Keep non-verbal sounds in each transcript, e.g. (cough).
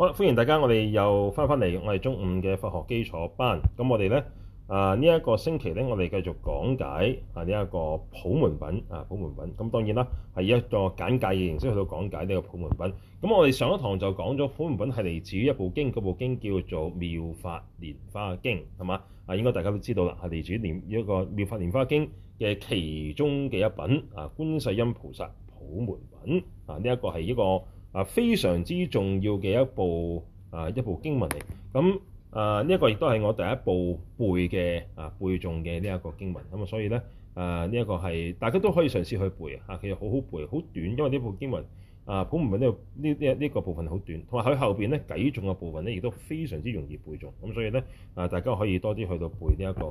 好，歡迎大家！我哋又翻返嚟，我哋中午嘅佛學基礎班。咁我哋咧啊，呢、呃、一、這個星期咧，我哋繼續講解啊呢一個普門品啊普門品。咁當然啦，係一個簡介嘅形式去到講解呢個普門品。咁、啊啊啊、我哋上一堂就講咗普門品係嚟自於一部經，部經叫做《妙法蓮花經》，係嘛？啊，應該大家都知道啦，係嚟自於呢一個《妙法蓮花經》嘅其中嘅一品啊，觀世音菩薩普門品啊，呢、這個、一個係一個。啊，非常之重要嘅一部啊，一部經文嚟。咁啊，呢、這、一個亦都係我第一部背嘅啊，背誦嘅呢一個經文。咁啊，所以咧啊，呢、這、一個係大家都可以嘗試去背啊，其實好好背，好短。因為呢部經文啊，普門品呢呢呢呢個部分好短，同埋喺後邊咧偈重嘅部分咧，亦都非常之容易背誦。咁、啊、所以咧啊，大家可以多啲去到背呢、這、一個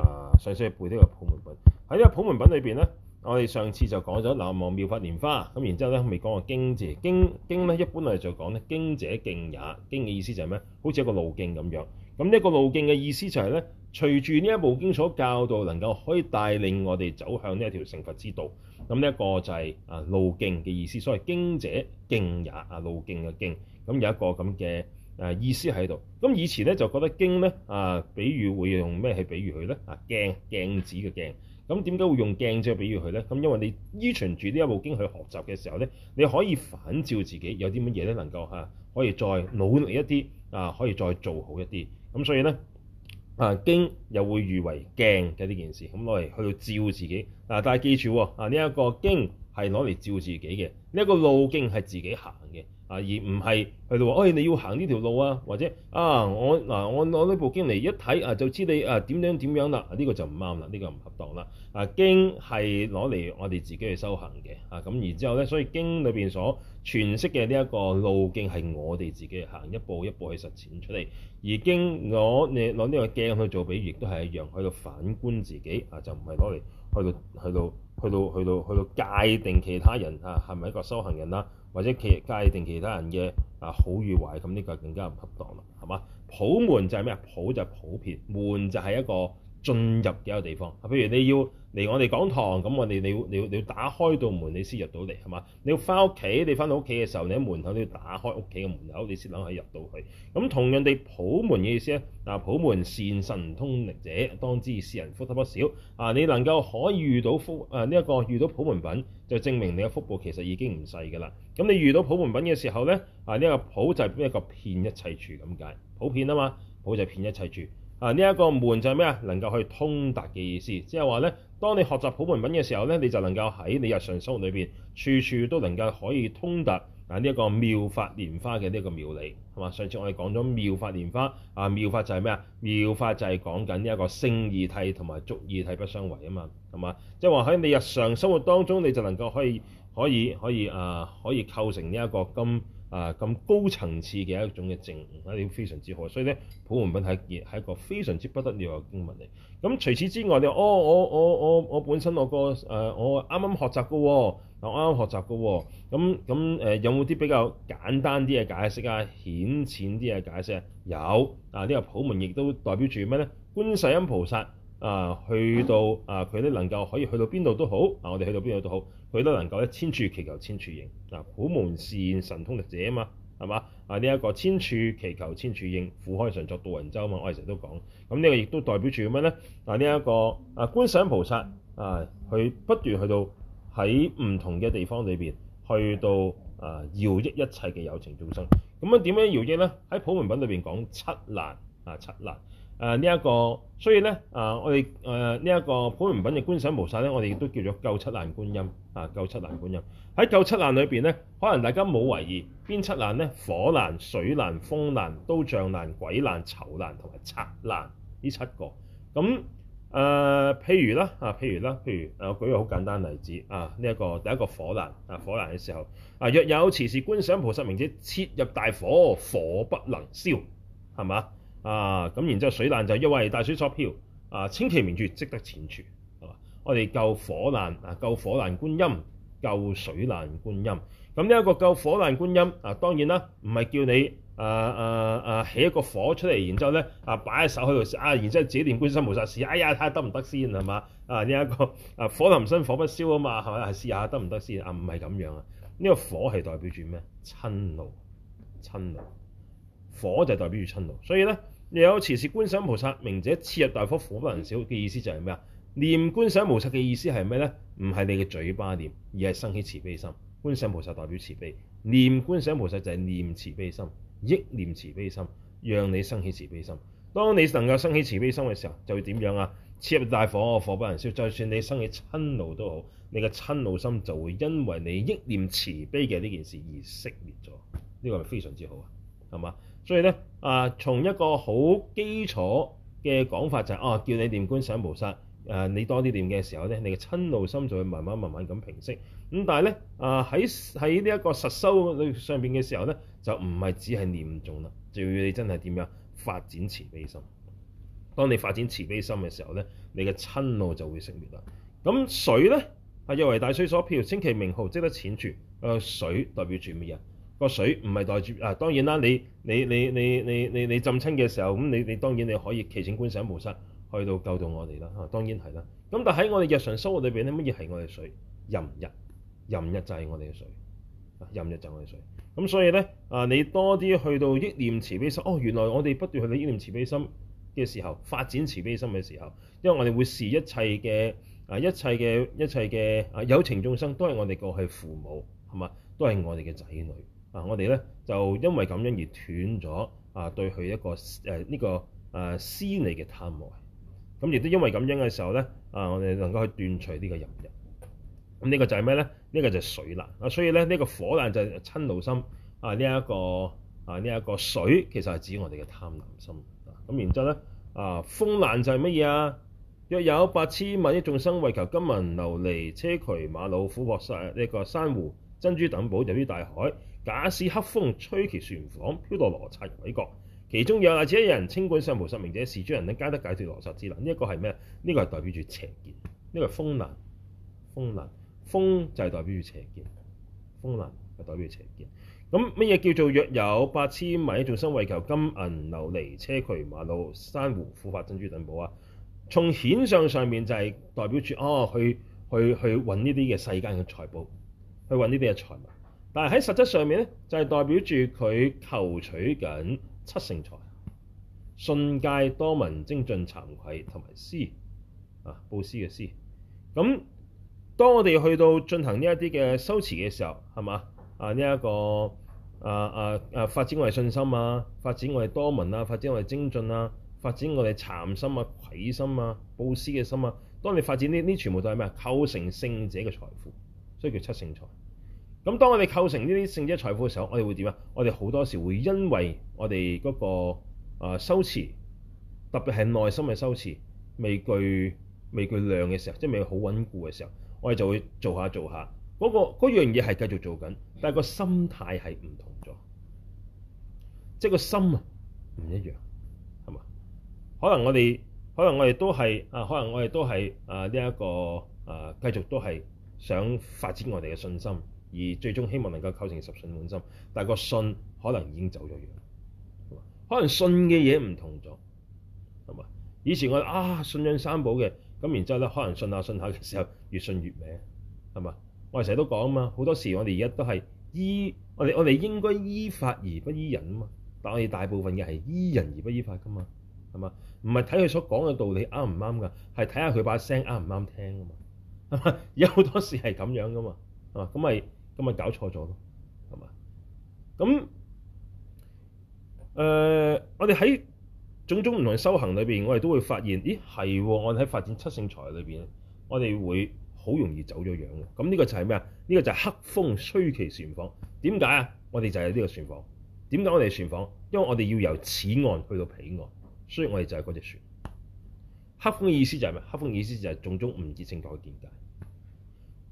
啊，細細去背呢個普門品。喺呢啊普門品裏邊咧。我哋上次就講咗《南無妙法蓮花》，咁然之後咧未講個經字。經經咧，一般嚟就講咧，經者徑也。經嘅意思就係咩？好似一個路徑咁樣。咁呢一個路徑嘅意思就係、是、咧，隨住呢一部經所教導，能夠可以帶領我哋走向呢一條成佛之道。咁呢一個就係啊路徑嘅意思。所謂經者徑也啊，路徑嘅徑。咁有一個咁嘅誒意思喺度。咁以前咧就覺得經咧啊，比喻會用咩去比喻佢咧啊，鏡，鏡子嘅鏡。咁點解會用鏡啫？比喻佢咧，咁因為你依循住呢一部經去學習嘅時候咧，你可以反照自己有啲乜嘢咧能夠嚇、啊、可以再努力一啲啊，可以再做好一啲。咁、啊、所以咧啊，經又會喻為鏡嘅呢件事，咁攞嚟去照自己啊。但係記住喎，啊呢一、啊這個經係攞嚟照自己嘅，呢、這、一個路徑係自己行嘅。啊！而唔係去到話，哎！你要行呢條路啊，或者啊，我嗱、啊，我攞呢部經嚟一睇啊，就知你啊點樣點樣啦！呢個就唔啱啦，呢個唔恰當啦。啊，經係攞嚟我哋自己去修行嘅。啊，咁然之後咧，所以經裏邊所詮釋嘅呢一個路徑係我哋自己去行一步一步去實踐出嚟。而經攞你攞呢個鏡去做比喻，亦都係一樣喺度反觀自己。啊，就唔係攞嚟去到去到去到去到去到界定其他人啊係咪一個修行人啦、啊？或者企界定其他人嘅好與壞，咁呢個更加唔恰當啦，係嘛？普門就係咩啊？普就係普遍，門就係一個。進入嘅一個地方啊？譬如你要嚟我哋講堂，咁我哋你要你要你要打開道門，你先入到嚟，係嘛？你要返屋企，你返到屋企嘅時候，你喺門口你要打開屋企嘅門口，你先能夠入到去。咁同樣地，普門嘅意思咧，嗱普門善神通力者，當知是人福德不少啊！你能夠可以遇到福啊呢一個遇到普門品，就證明你嘅福報其實已經唔細㗎喇。咁你遇到普門品嘅時候咧，啊呢一個普就係一個遍一切處咁解，普遍啊嘛，普就係遍一切處。啊！呢一個門就係咩啊？能夠去通達嘅意思，即係話咧，當你學習普門品嘅時候咧，你就能夠喺你日常生活裏邊，處處都能夠可以通達。嗱、啊，呢一個妙法蓮花嘅呢一個妙理，係嘛？上次我哋講咗妙法蓮花。啊，妙法就係咩啊？妙法就係講緊呢一個聖義體同埋俗義體不相違啊嘛。係嘛？即係話喺你日常生活當中，你就能夠可以可以可以啊，可以構成呢一個咁。啊咁高層次嘅一種嘅證，一啲非常之好，所以咧普門品係亦係一個非常之不得了嘅經文嚟。咁、啊、除此之外，你哦，我我我我本身我個誒、呃，我啱啱學習嘅喎，我啱啱學習嘅喎，咁咁誒有冇啲比較簡單啲嘅解釋啊，顯淺淺啲嘅解釋啊？有啊，呢、呢個普門亦都代表住咩咧？觀世音菩薩啊，去到啊佢咧能夠可以去到邊度都好，嗱、啊、我哋去到邊度都好。佢都能夠一千處祈求千處應嗱普門示現神通力者嘛啊嘛係嘛啊呢一個千處祈求千處應苦海常作渡人舟嘛我哋成日都講咁呢個亦都代表住咩咧啊呢一、這個觀啊觀世音菩薩啊佢不斷去到喺唔同嘅地方裏邊去到啊搖應一切嘅有情眾生咁樣點樣搖應咧喺普門品裏邊講七難啊七難。啊七難誒呢一個，所以咧，誒、啊、我哋誒呢一個普門品嘅觀世音菩薩咧，我哋亦都叫做救七難觀音，啊救七難觀音。喺救七難裏邊咧，可能大家冇留意邊七難咧，火難、水難、風難、刀杖難、鬼難、囚難同埋賊難呢七個。咁誒、啊，譬如啦，啊譬如啦，譬如誒，我、啊啊啊啊、舉個好簡單例子啊，呢、這、一個第一個火難，啊火難嘅時候，啊若有持是觀世音菩薩名者，設入大火，火不能燒，係嘛？啊，咁然之後水難就因為大水所漂，啊，稱其名號，即得淺處，係嘛？我哋救火難啊，救火難觀音，救水難觀音。咁呢一個救火難觀音啊，當然啦，唔係叫你啊啊啊起一個火出嚟，然之後咧啊擺喺手喺度啊，然之後自己念觀世音菩薩，哎呀睇下得唔得先係嘛？啊呢一個啊火臨身火不燒啊嘛，係咪啊試下得唔得先啊？唔係咁樣啊，呢、這個火係代表住咩？塵勞。塵勞。火就代表住瞋怒，所以咧又有持是觀世音菩薩名者，設入大火，火不能燒嘅意思就係咩啊？念觀世音菩薩嘅意思係咩咧？唔係你嘅嘴巴念，而係生起慈悲心。觀世音菩薩代表慈悲，念觀世音菩薩就係念慈悲心，憶念慈悲心，讓你生起慈悲心。當你能夠生起慈悲心嘅時候，就會點樣啊？設入大火，火不能燒。就算你生起瞋怒都好，你嘅瞋怒心就會因為你憶念慈悲嘅呢件事而熄滅咗。呢、這個係非常之好啊，係嘛？所以咧，啊、呃，從一個好基礎嘅講法就係、是，哦、啊，叫你念觀想菩薩，誒、呃，你多啲念嘅時候咧，你嘅嗔怒心就會慢慢慢慢咁平息。咁、嗯、但係咧，啊、呃，喺喺呢一個實修上邊嘅時候咧，就唔係只係念重啦，就要你真係點樣發展慈悲心。當你發展慈悲心嘅時候咧，你嘅嗔怒就會熄滅啦。咁水咧，啊，若為大水所漂，稱其名號，即得淺處。誒、呃，水代表住咩人？個水唔係代住啊。當然啦，你你你你你你，你浸親嘅時候，咁你你當然你可以祈請觀音菩薩去到救到我哋啦、啊。當然係啦。咁但喺我哋日常生活裏邊咧，乜嘢係我哋水？任一任一就係我哋嘅水，任一就係我哋水。咁所以咧啊，你多啲去到憶念慈悲心。哦，原來我哋不斷去到憶念慈悲心嘅時候，發展慈悲心嘅時候，因為我哋會視一切嘅啊一切嘅一切嘅啊有情眾生都係我哋過去父母係嘛，都係我哋嘅仔女。啊！我哋咧就因為咁樣而斷咗啊，對佢一個誒呢、呃這個誒、呃、私利嘅貪愛。咁亦都因為咁樣嘅時候咧，啊、呃，我哋能夠去斷除呢個淫欲。咁、嗯、呢、這個就係咩咧？呢、這個就係水難啊。所以咧，呢、這個火難就係瞋怒心啊。呢、這、一個啊，呢、這、一個水其實係指我哋嘅貪婪心啊。咁然之後咧，啊風難就係乜嘢啊？若有百千萬億眾生為求金銀琉璃硨磲瑪瑙琥、珀石呢、這個珊瑚珍珠等寶入於大海。假使黑風吹其船舫，飄墮羅剎鬼國，其中若有乃至一人，稱觀世音菩薩名者，是諸人等，皆得解脫羅剎之難。呢、這、一個係咩？呢、這個係代表住邪見，呢、這個係風難。風難，風就係代表住邪見，風難就代表邪見。咁乜嘢叫做若有百千萬億眾生為求金銀琉璃硨磲瑪瑙珊瑚琥珀珍珠等寶啊？從顯象上面就係代表住哦，去去去揾呢啲嘅世間嘅財寶，去揾呢啲嘅財物。但係喺實質上面咧，就係、是、代表住佢求取緊七聖財，信戒多聞精進慚愧同埋施啊，布施嘅施。咁、啊、當我哋去到進行呢一啲嘅修持嘅時候，係嘛啊呢一個啊啊啊發展我哋信心啊，發展我哋多聞啊，發展我哋精進啊，發展我哋慚心啊、愧心啊、布施嘅心啊，當你發展呢呢全部都係咩構成聖者嘅財富，所以叫七聖財。咁當我哋構成呢啲聖者財富嘅時候，我哋會點啊？我哋好多時會因為我哋嗰個啊修持，特別係內心嘅修持未具未具量嘅時候，即係未好穩固嘅時候，我哋就會做下做下嗰、嗰個樣嘢係繼續做緊，但係個心態係唔同咗，即、就、係、是、個心啊唔一樣係嘛？可能我哋可能我哋都係啊，可能我哋都係啊呢一個啊，繼續都係想發展我哋嘅信心。而最終希望能夠構成十信滿心，但係個信可能已經走咗樣，可能信嘅嘢唔同咗，係嘛？以前我哋啊，信仰三寶嘅，咁然之後咧，可能信下信下嘅時候越信越歪，係嘛？我哋成日都講啊嘛，好多時我哋而家都係依我哋我哋應該依法而不依人啊嘛，但我哋大部分嘅係依人而不依法噶嘛，係嘛？唔係睇佢所講嘅道理啱唔啱㗎，係睇下佢把聲啱唔啱聽㗎嘛，係嘛？而家好多時係咁樣㗎嘛，啊咁咪～咁咪搞錯咗咯，係嘛？咁誒、呃，我哋喺種種唔同嘅修行裏邊，我哋都會發現，咦係、哦？我哋喺發展七聖財裏邊，我哋會好容易走咗樣嘅。咁呢個就係咩啊？呢、這個就係黑風吹其船舫。點解啊？我哋就係呢個船舫。點解我哋船舫？因為我哋要由此岸去到彼岸，所以我哋就係嗰隻船。黑風嘅意思就係咩？黑風嘅意思就係種種唔結性改嘅見解，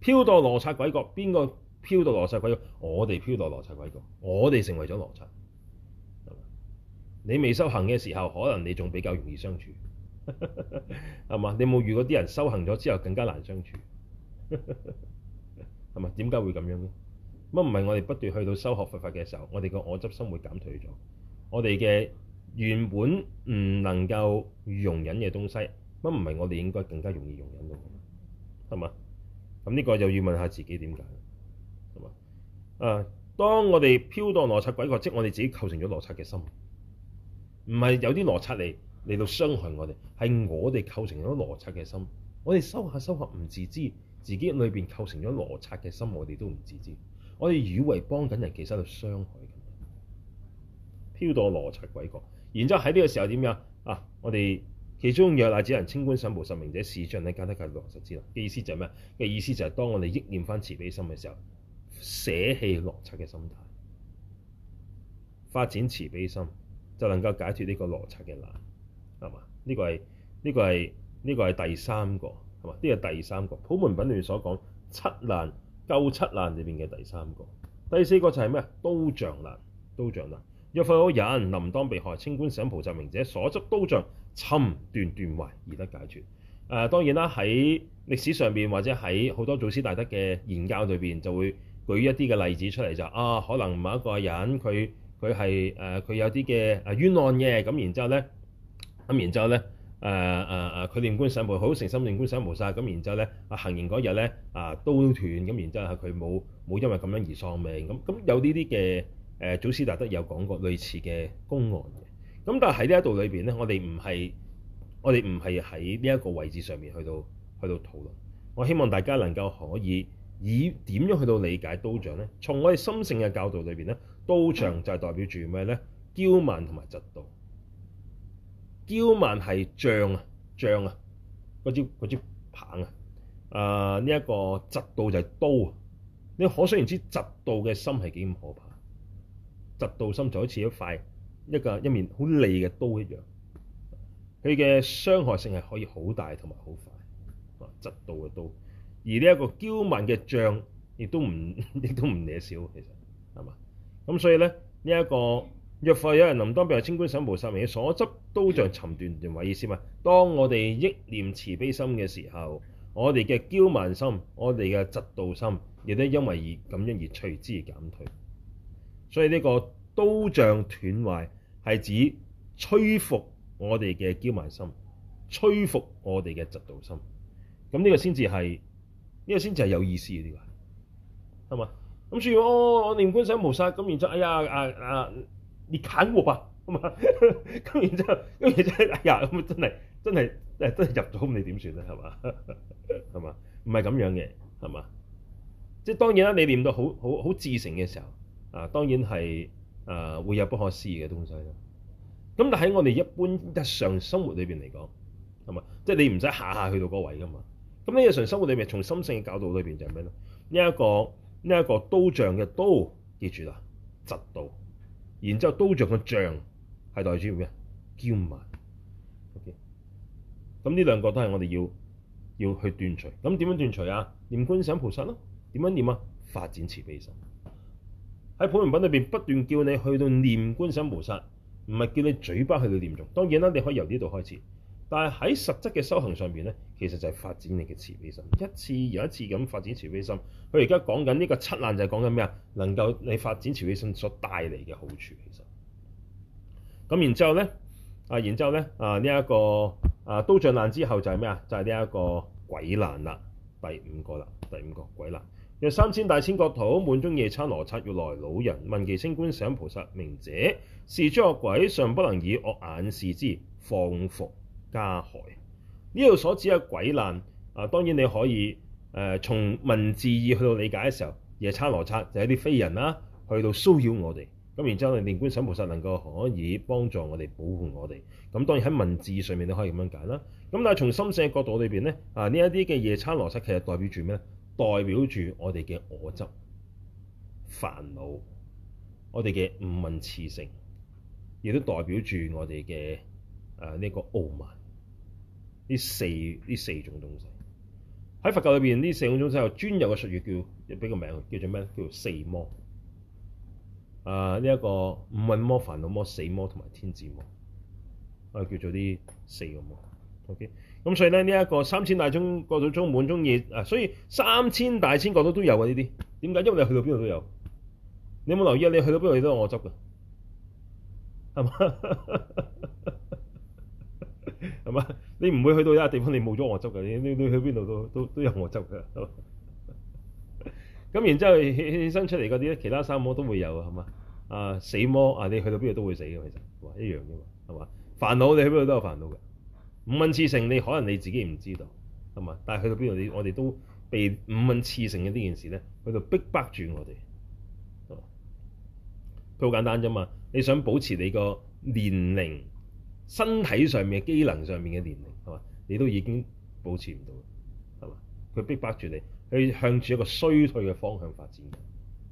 飄到羅剎鬼國，邊個？漂到羅剎鬼國，我哋漂到羅剎鬼國，我哋成為咗羅剎。你未修行嘅時候，可能你仲比較容易相處，係嘛？你冇遇過啲人修行咗之後更加難相處？係咪？點解會咁樣咧？乜唔係我哋不斷去到修學佛法嘅時候，我哋個我執心會減退咗，我哋嘅原本唔能夠容忍嘅東西，乜唔係我哋應該更加容易容忍到？係嘛？咁呢個又要問下自己點解？啊！當我哋漂盪邏輯鬼國，即係我哋自己構成咗邏輯嘅心，唔係有啲邏輯嚟嚟到傷害我哋，係我哋構成咗邏輯嘅心。我哋收下收下唔自知，自己裏邊構成咗邏輯嘅心，我哋都唔自知。我哋以為幫緊人，其實係傷害緊。漂盪邏輯鬼國，然之後喺呢個時候點樣啊？我哋其中若乃只能清官審無實名者，市將呢間得界落實之論。意思就係咩？嘅意思就係當我哋憶念翻慈悲心嘅時候。捨棄邏輯嘅心態，發展慈悲心，就能夠解脫呢個邏輯嘅難係嘛？呢、這個係呢、這個係呢、這個係第三個係嘛？呢、這個第三個普門品裏面所講七難救七難裏邊嘅第三個第四個就係咩刀杖難刀杖難。若復有人，臨當被害，稱觀世音菩薩名者，所執刀杖，尋段段壞而得解脫。誒、呃、當然啦，喺歷史上邊或者喺好多祖師大德嘅言教裏邊就會。舉一啲嘅例子出嚟就啊，可能某一個人佢佢係誒佢有啲嘅冤案嘅，咁然之後咧，咁、啊啊啊、然之後咧誒誒誒，佢念觀世音菩好誠心念觀世音菩薩，咁然之後咧，行刑嗰日咧啊刀斷，咁然之後佢冇冇因為咁樣而喪命，咁、嗯、咁有呢啲嘅誒祖師大德有講過類似嘅公案嘅，咁但係喺呢一度裏邊咧，我哋唔係我哋唔係喺呢一個位置上面去到去到討論，我希望大家能夠可以。以點樣去到理解刀杖咧？從我哋心性嘅教導裏邊咧，刀杖就係代表住咩咧？驕慢同埋嫉妒。驕慢係杖啊，杖啊，嗰支，支棒啊。啊、呃，呢、這、一個嫉妒就係刀啊。你可想而知，嫉妒嘅心係幾咁可怕。嫉妒心就好似一塊一個一面好利嘅刀一樣，佢嘅傷害性係可以好大同埋好快。啊，嫉妒嘅刀。而呢一個驕慢嘅障，亦都唔亦都唔惹少，其實係嘛？咁所以咧，呢、這、一個約法有人臨當，比如清官審無實名，所執刀杖沉斷斷壞意思嘛。當我哋憶念慈悲心嘅時候，我哋嘅驕慢心，我哋嘅執道心，亦都因為而咁樣而隨之而減退。所以呢個刀杖斷壞係指吹服我哋嘅驕慢心，吹服我哋嘅執道心。咁呢個先至係。呢個先至係有意思啊，呢個係嘛？咁所以我我念觀世音菩薩，咁然之後哎呀啊啊，你砍我吧咁啊！咁 (laughs) 然之後，咁然之後哎呀咁，真係真係真係入咗咁，你點算咧？係嘛？係嘛？唔係咁樣嘅，係嘛？即係當然啦，你念到好好好至誠嘅時候啊，當然係誒、啊、會有不可思議嘅東西啦。咁但喺我哋一般日常生活裏邊嚟講，係嘛？即係你唔使下下去到嗰位噶嘛？咁呢日常生活裏面從心性嘅角度裏邊就係咩咧？呢、這、一個呢一、這個刀杖嘅刀，記住啦，嫉妒。然之後刀杖嘅杖係代表住咩？驕慢。O.K.，咁呢兩個都係我哋要要去斷除。咁點樣斷除啊？念觀世音菩薩咯、啊。點樣念啊？發展慈悲心。喺普門品裏邊不斷叫你去到念觀世音菩薩，唔係叫你嘴巴去到念誦。當然啦，你可以由呢度開始。但係喺實質嘅修行上邊咧，其實就係發展你嘅慈悲心，一次又一次咁發展慈悲心。佢而家講緊呢個七難就係講緊咩啊？能夠你發展慈悲心所帶嚟嘅好處，其實咁然之後咧啊，然之後咧啊呢一個啊刀杖難之後就係咩啊？就係呢一個鬼難啦，第五個啦，第五個鬼難。若三千大千國土，滿中夜叉、羅剎，欲來惱人，聞其稱觀世音菩薩名者，是諸惡鬼尚不能以惡眼視之，況復加害，呢度所指嘅鬼難啊，當然你可以誒從、呃、文字意去到理解嘅時候，夜叉羅剎就係啲非人啦、啊，去到騷擾我哋，咁然之後你念觀世音菩薩能夠可以幫助我哋保護我哋。咁當然喺文字上面你可以咁樣解啦。咁但係從深層嘅角度裏邊咧啊，呢一啲嘅夜叉羅剎其實代表住咩？代表住我哋嘅我執煩惱，我哋嘅五蘊熾盛，亦都代表住我哋嘅誒呢一個傲慢。呢四呢四種東西喺佛教裏邊，呢四種東西有專有嘅術語叫，叫又俾個名，叫做咩？叫做四、啊、魔，魔，四魔。啊，呢一個五蘊魔、煩惱魔、死魔同埋天子魔，啊叫做啲四個魔。OK，咁所以咧，呢、這、一個三千大千國土，國土滿中夜，啊，所以三千大千國土都有嘅呢啲。點解？因為你去到邊度都有。你有冇留意啊？你去到邊度你都有我執嘅，係嘛？ (laughs) 係嘛？你唔會去到一個地方，你冇咗我執嘅，你你你去邊度都都都有我執嘅，咁 (laughs) 然之後起身出嚟嗰啲咧，其他三魔都會有，係嘛？啊死魔啊，你去到邊度都會死嘅其實，係一樣啫嘛，係嘛？煩惱你去邊度都有煩惱嘅，五蘊熾盛你可能你自己唔知道，係嘛？但係去到邊度你我哋都被五蘊熾盛嘅呢件事咧，去到逼迫住我哋，佢好簡單啫嘛，你想保持你個年齡。身體上面嘅機能上面嘅年齡，係嘛？你都已經保持唔到，係嘛？佢逼迫住你，去向住一個衰退嘅方向發展，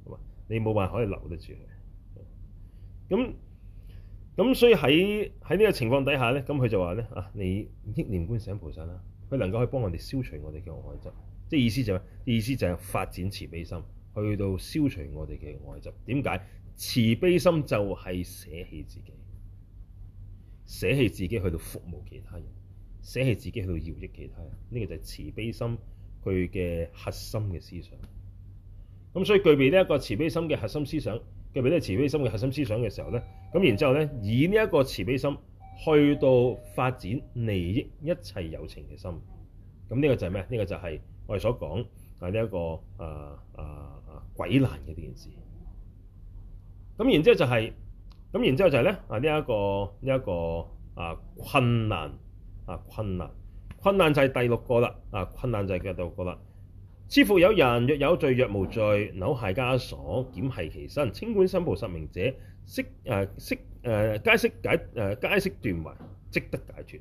係嘛？你冇辦法可以留得住佢。咁咁，所以喺喺呢個情況底下咧，咁佢就話咧啊，你憶念觀想菩薩啦，佢能夠去以幫我哋消除我哋嘅外執，即係意思就係，意思就係發展慈悲心，去到消除我哋嘅外執。點解慈悲心就係捨棄自己？捨棄自己去到服務其他人，捨棄自己去到饒益其他人，呢、這個就係慈悲心佢嘅核心嘅思想。咁所以具備呢一個慈悲心嘅核心思想，具備呢個慈悲心嘅核心思想嘅時候咧，咁然之後咧，以呢一個慈悲心去到發展利益一切有情嘅心，咁呢個就係咩？呢、這個就係我哋所講啊呢一個啊啊啊鬼難嘅呢件事。咁然之後就係、是。咁然之後就係咧啊呢一個呢一、這個啊困難啊困難困難就係第六個啦啊困難就係第六個啦。設復有人若有罪若無罪杻械枷鎖檢繫其身稱觀世音菩薩名者悉誒悉誒皆悉解誒皆悉斷壞即得解脫。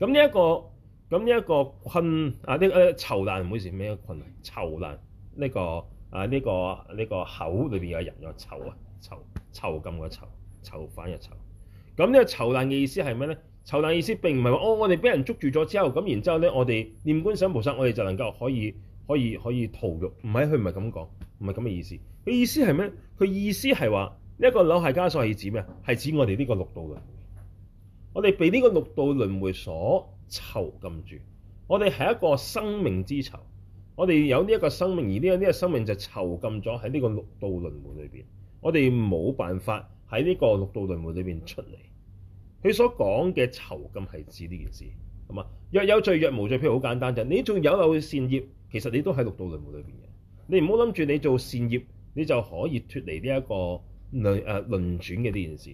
咁呢一個咁呢一個困啊呢誒囚難唔好是咩困難？囚難呢、這個啊呢、這個呢、這個這個口裏邊嘅人嘅囚啊囚囚禁嘅囚。囚犯一囚，咁呢個囚難嘅意思係咩呢？囚難意思並唔係話我我哋俾人捉住咗之後，咁然之後呢，我哋念觀想菩薩，我哋就能夠可以可以可以逃獄。唔係，佢唔係咁講，唔係咁嘅意思。佢意思係咩？佢意思係話呢一個樓係枷鎖係指咩啊？係指我哋呢個六道輪迴。我哋被呢個六道輪迴所囚禁住。我哋係一個生命之囚。我哋有呢一個生命，而呢個呢個生命就囚禁咗喺呢個六道輪迴裏邊。我哋冇辦法，喺呢個六道輪迴裏邊出嚟，佢所講嘅囚禁係指呢件事，係嘛？若有罪，若無罪，譬如好簡單就是，你仲有漏嘅善業，其實你都喺六道輪迴裏邊嘅。你唔好諗住你做善業，你就可以脫離呢一個輪誒、啊、輪轉嘅呢件事。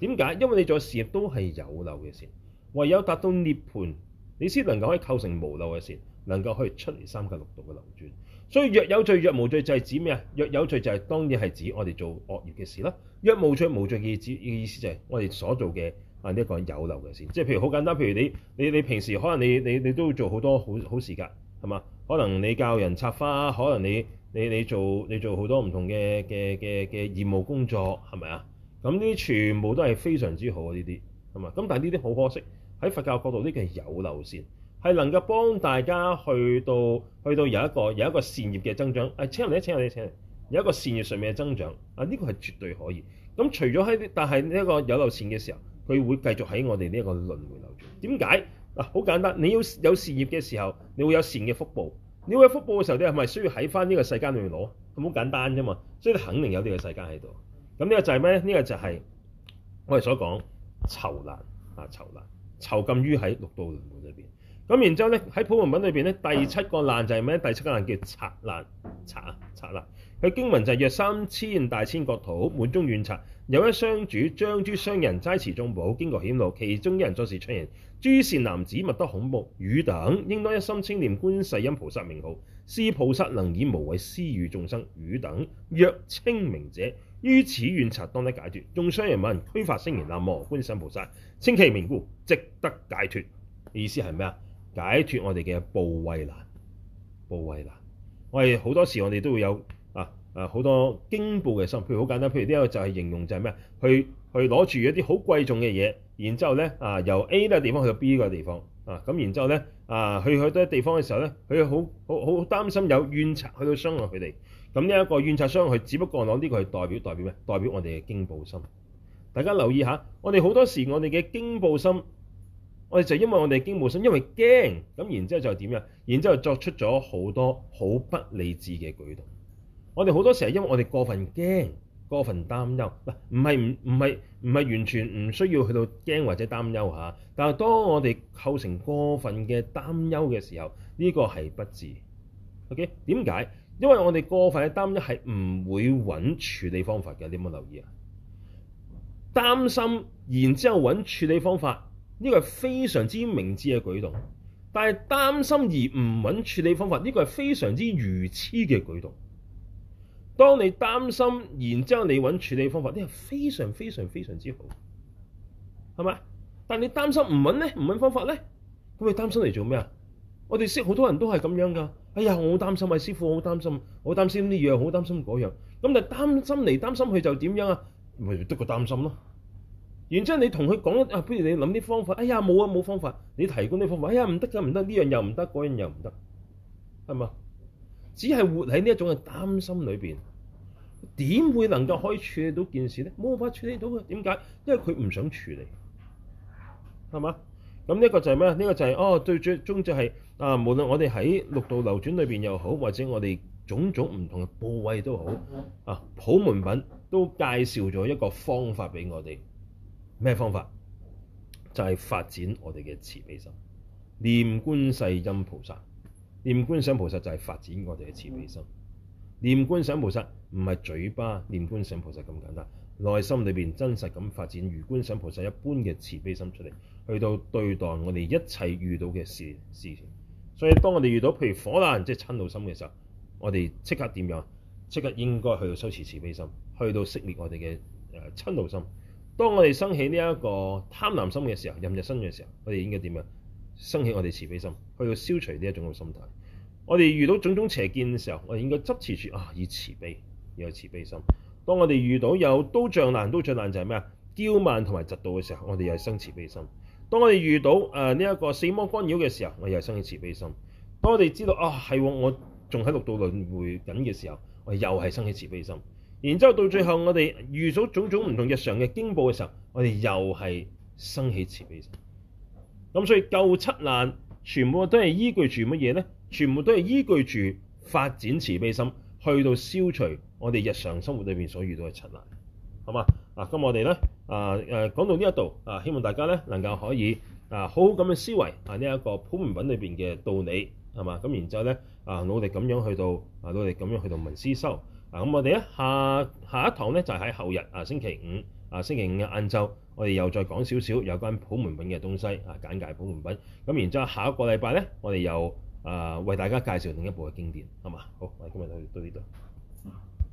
點解？因為你做善業都係有漏嘅善，唯有達到涅盤，你先能夠可以構成無漏嘅善，能夠可以出嚟三界六道嘅流轉。所以若有罪、若無罪就係指咩啊？若有罪就係、是、當然係指我哋做惡業嘅事啦。若無罪、無罪嘅意意思就係我哋所做嘅啊呢一、呢個有漏嘅事。即係譬如好簡單，譬如你你你平時可能你你你都做好多好好事㗎，係嘛？可能你教人插花，可能你你你做你做好多唔同嘅嘅嘅嘅義務工作，係咪啊？咁呢啲全部都係非常之好啊！呢啲係嘛？咁但係呢啲好可惜，喺佛教角度呢啲係有漏線。係能夠幫大家去到去到有一個有一個善業嘅增長，誒、啊、請嚟一請嚟一請嚟，有一個善業上面嘅增長啊！呢、這個係絕對可以咁。除咗喺，但係呢一個有漏線嘅時候，佢會繼續喺我哋呢一個輪迴流中。點解嗱？好、啊、簡單，你要有善業嘅時候，你會有善嘅福報。你有福報嘅時候，你係咪需要喺翻呢個世間裏面攞，咁好簡單啫嘛？所以肯定有呢個世界喺度。咁呢個就係咩？呢、這個就係、是、我哋所講囚難啊！囚難，囚禁於喺六道輪迴裏邊。咁然之後咧，喺《普文品》裏邊咧，第七個難就係咩？第七個難叫拆難，拆啊拆難。佢經文就係、是、約三千大千國土，滿中怨賊，有一商主將諸商人齋持眾寶，經過險路，其中一人作是出現。諸善男子、物得恐怖，與等應當一心清念觀世音菩薩名號。施菩薩能以無畏施與眾生，與等若清明者，於此怨賊當得解脫。眾商人問虛法聲言，那莫觀世菩薩稱其名故，即得解脫。意思係咩啊？解脫我哋嘅怖畏難，怖畏難。我哋好多時我哋都會有啊，誒好多驚怖嘅心。譬如好簡單，譬如呢一個就係形容就係咩？去去攞住一啲好貴重嘅嘢，然之後咧啊，由 A 呢個地方去到 B 呢個地方啊，咁然之後咧啊，去去多地方嘅時候咧，佢好好好擔心有怨賊去到傷害佢哋。咁呢一個怨賊傷害，只不過攞呢個係代表代表咩？代表我哋嘅驚怖心。大家留意下，我哋好多時我哋嘅驚怖心。我哋就因為我哋嘅驚冇心，因為驚咁，然之後就點樣？然之後作出咗好多好不理智嘅舉動。我哋好多時係因為我哋過分驚、過分擔憂，唔唔係唔唔係完全唔需要去到驚或者擔憂吓。但係當我哋構成過分嘅擔憂嘅時候，呢、這個係不智。O K，點解？因為我哋過分嘅擔憂係唔會揾處理方法嘅。你有冇留意啊？擔心，然之後揾處理方法。呢個係非常之明智嘅舉動，但係擔心而唔揾處理方法，呢個係非常之愚痴嘅舉動。當你擔心，然之後你揾處理方法，呢係非常非常非常之好，係咪？但你擔心唔揾呢，唔揾方法呢？咁你擔心嚟做咩啊？我哋識好多人都係咁樣噶。哎呀，我好擔心啊，師傅，我好擔心，我擔心呢樣，好擔心嗰樣，咁就擔心嚟擔心去就點樣啊？咪得個擔心咯。然之後你同佢講啊，不如你諗啲方法。哎呀，冇啊，冇方法。你提供啲方法，哎呀，唔得嘅，唔得。呢樣又唔得，嗰樣又唔得，係嘛？只係活喺呢一種嘅擔心裏邊，點會能夠可以處理到件事咧？冇辦法處理到嘅，點解？因為佢唔想處理，係嘛？咁呢一個就係咩？呢個就係哦，最最終就係啊，無論我哋喺六道流轉裏邊又好，或者我哋種種唔同嘅部位都好啊，普門品都介紹咗一個方法俾我哋。咩方法？就係發展我哋嘅慈悲心，念觀世音菩薩，念觀世音菩薩就係發展我哋嘅慈悲心。念觀世音菩薩唔係嘴巴念觀世音菩薩咁簡單，內心裏邊真實咁發展如觀世音菩薩一般嘅慈悲心出嚟，去到對待我哋一切遇到嘅事事情。所以當我哋遇到譬如火難，即係瞋怒心嘅時候，我哋即刻點樣？即刻應該去到修持慈悲心，去到熄滅我哋嘅誒瞋怒心。當我哋升起呢一個貪婪心嘅時候，貪欲心嘅時候，我哋應該點樣升起我哋慈悲心，去到消除呢一種嘅心態。我哋遇到種種邪見嘅時候，我哋應該執持住啊要慈悲，要有慈悲心。當我哋遇到有刀杖難、刀杖難就係咩啊？驕慢同埋嫉妒嘅時候，我哋又係生慈悲心。當我哋遇到誒呢一個四魔干擾嘅時候，我又係生起慈悲心。當我哋知道啊係我仲喺六道輪迴緊嘅時候，我哋又係生起慈悲心。然之後到最後，我哋遇咗種種唔同日常嘅驚怖嘅時候，我哋又係生起慈悲心。咁所以救七難全部都係依據住乜嘢呢？全部都係依據住發展慈悲心去到消除我哋日常生活裏面所遇到嘅七難。好嘛？啊，咁我哋呢啊誒講到呢一度啊，希望大家呢能夠可以啊、呃、好好咁樣思維啊呢一、這個普門品裏邊嘅道理係嘛？咁然之後呢，啊、呃、努力咁樣去到啊努力咁樣去到聞思修。嗱，咁我哋咧，下下一堂咧就係喺後日啊，星期五啊，星期五嘅晏晝，我哋又再講少少有關普門品嘅東西啊，簡介普門品。咁、啊、然之後，下一個禮拜咧，我哋又啊為大家介紹另一部嘅經典，好嘛？好，我哋今日就到呢度。